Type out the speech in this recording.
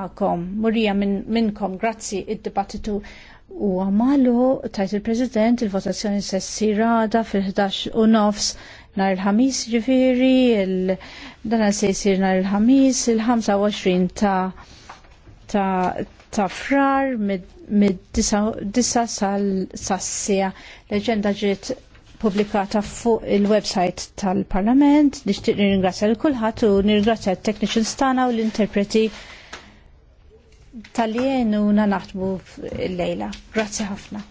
għakom, murija minnkom, grazzi id-dibattitu u għamalu tajt il-President il-votazzjoni sessi rada fil-11 u nofs nar il-ħamis ġifiri, dan se jisir nar il-ħamis, il-25 ta' ta' ta' frar mid-disa sal-sassija. l ġiet publikata fuq il-website tal-Parlament, nixtieq nirringrazzja l-kulħadd u nirringrazzja t-technicians stana u l-interpreti tal na naħdmu l-lejla. Grazie ħafna.